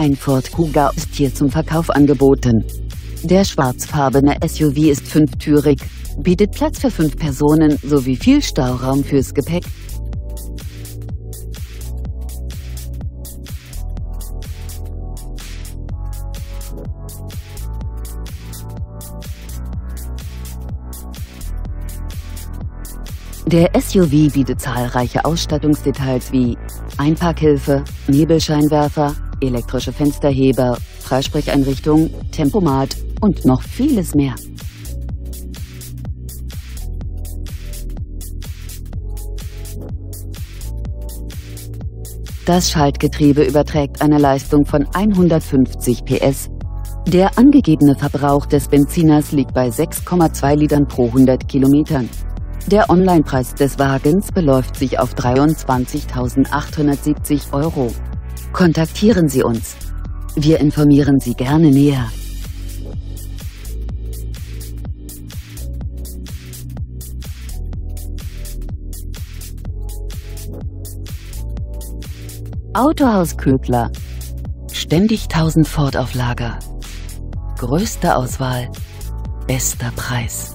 Ein Ford Kuga ist hier zum Verkauf angeboten. Der schwarzfarbene SUV ist fünftürig, bietet Platz für fünf Personen sowie viel Stauraum fürs Gepäck. Der SUV bietet zahlreiche Ausstattungsdetails wie Einparkhilfe, Nebelscheinwerfer, elektrische Fensterheber, Freisprecheinrichtung, Tempomat und noch vieles mehr. Das Schaltgetriebe überträgt eine Leistung von 150 PS. Der angegebene Verbrauch des Benziners liegt bei 6,2 Litern pro 100 Kilometern. Der Onlinepreis des Wagens beläuft sich auf 23.870 Euro. Kontaktieren Sie uns. Wir informieren Sie gerne näher. Autohaus Köbler. Ständig 1000 Ford auf Lager. Größte Auswahl, bester Preis.